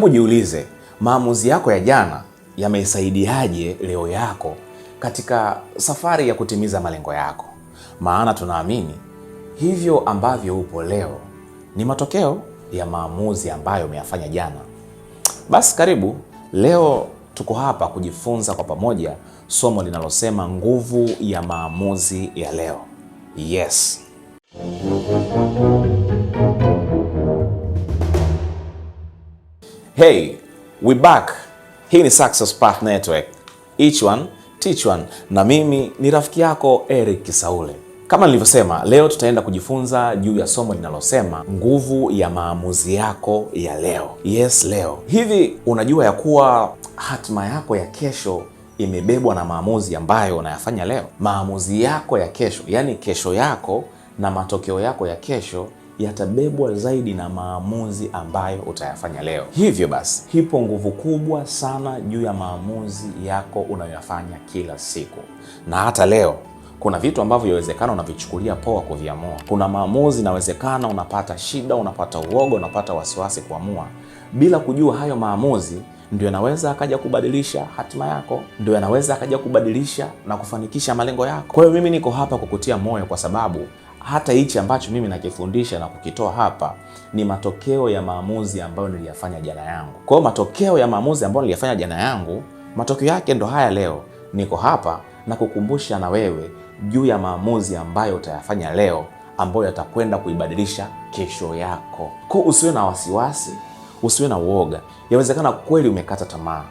Hebu jiulize, maamuzi yako ya jana yameisaidiaje leo yako katika safari ya kutimiza malengo yako? Maana tunaamini hivyo ambavyo upo leo ni matokeo ya maamuzi ambayo umeyafanya jana. Basi karibu, leo tuko hapa kujifunza kwa pamoja somo linalosema nguvu ya maamuzi ya leo. Yes. Hey, we back. Hii ni Success Path Network. Each one teach one, na mimi ni rafiki yako Eric Kisaule. Kama nilivyosema, leo tutaenda kujifunza juu ya somo linalosema nguvu ya maamuzi yako ya leo. Yes, leo. Hivi unajua ya kuwa hatima yako ya kesho imebebwa na maamuzi ambayo unayafanya leo? Maamuzi yako ya kesho, yani kesho yako na matokeo yako ya kesho yatabebwa zaidi na maamuzi ambayo utayafanya leo. Hivyo basi, hipo nguvu kubwa sana juu ya maamuzi yako unayoyafanya kila siku, na hata leo kuna vitu ambavyo yawezekana unavichukulia poa kuviamua. Kuna maamuzi inawezekana unapata shida, unapata uoga, unapata wasiwasi kuamua, bila kujua hayo maamuzi ndio yanaweza akaja kubadilisha hatima yako, ndio yanaweza akaja kubadilisha na kufanikisha malengo yako. Kwa hiyo mimi niko hapa kukutia moyo, kwa sababu hata hichi ambacho mimi nakifundisha na kukitoa hapa ni matokeo ya maamuzi ambayo niliyafanya jana yangu. Kwa hiyo matokeo ya maamuzi ambayo niliyafanya jana yangu, matokeo yake ndo haya leo. Niko hapa na kukumbusha na wewe juu ya maamuzi ambayo utayafanya leo ambayo yatakwenda kuibadilisha kesho yako. Kwa usiwe na wasiwasi, usiwe na uoga. Yawezekana kweli umekata tamaa,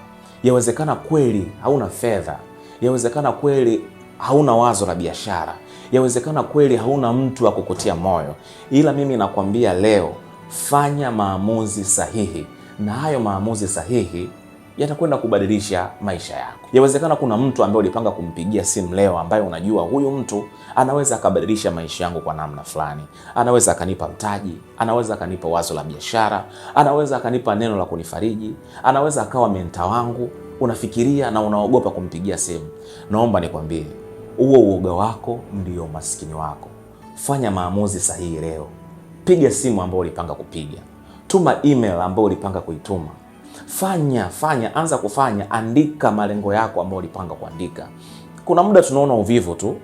yawezekana kweli hauna fedha, yawezekana kweli hauna wazo la biashara, yawezekana kweli hauna mtu wa kukutia moyo, ila mimi nakwambia leo, fanya maamuzi sahihi, na hayo maamuzi sahihi yatakwenda kubadilisha maisha yako. Yawezekana kuna mtu ambaye ulipanga kumpigia simu leo, ambaye unajua huyu mtu anaweza akabadilisha maisha yangu kwa namna fulani, anaweza akanipa mtaji, anaweza akanipa wazo la biashara, anaweza akanipa neno la kunifariji, anaweza akawa menta wangu. Unafikiria na unaogopa kumpigia simu. Naomba nikwambie huo uoga wako ndio umaskini wako. Fanya maamuzi sahihi leo. Piga simu ambayo ulipanga kupiga, tuma email ambayo ulipanga kuituma. Fanya fanya, anza kufanya, andika malengo yako ambayo ulipanga kuandika. Kuna muda tunaona uvivu tu,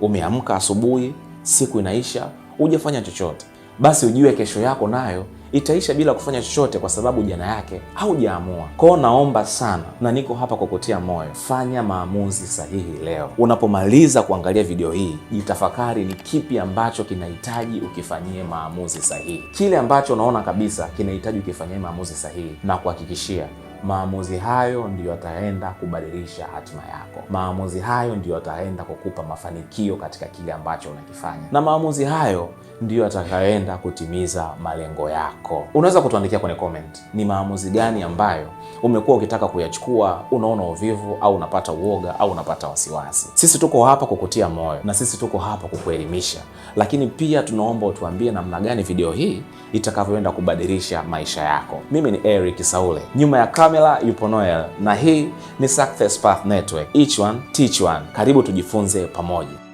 umeamka asubuhi, siku inaisha, hujafanya chochote. Basi ujue kesho yako nayo itaisha bila kufanya chochote, kwa sababu jana yake haujaamua. Kwao naomba sana, na niko hapa kwa kutia moyo, fanya maamuzi sahihi leo. Unapomaliza kuangalia video hii, jitafakari ni kipi ambacho kinahitaji ukifanyie maamuzi sahihi, kile ambacho unaona kabisa kinahitaji ukifanyie maamuzi sahihi, na kuhakikishia Maamuzi hayo ndiyo yataenda kubadilisha hatima yako. Maamuzi hayo ndiyo yataenda kukupa mafanikio katika kile ambacho unakifanya, na maamuzi hayo ndiyo yatakayoenda kutimiza malengo yako. Unaweza kutuandikia kwenye comment ni maamuzi gani ambayo umekuwa ukitaka kuyachukua, unaona uvivu au unapata uoga au unapata wasiwasi. Sisi tuko hapa kukutia moyo na sisi tuko hapa kukuelimisha, lakini pia tunaomba utuambie namna gani video hii itakavyoenda kubadilisha maisha yako. Mimi ni eri Saule, nyuma ya Pamela, yupo Noel, na hii ni Success Path Network. Each one teach one. Karibu tujifunze pamoja.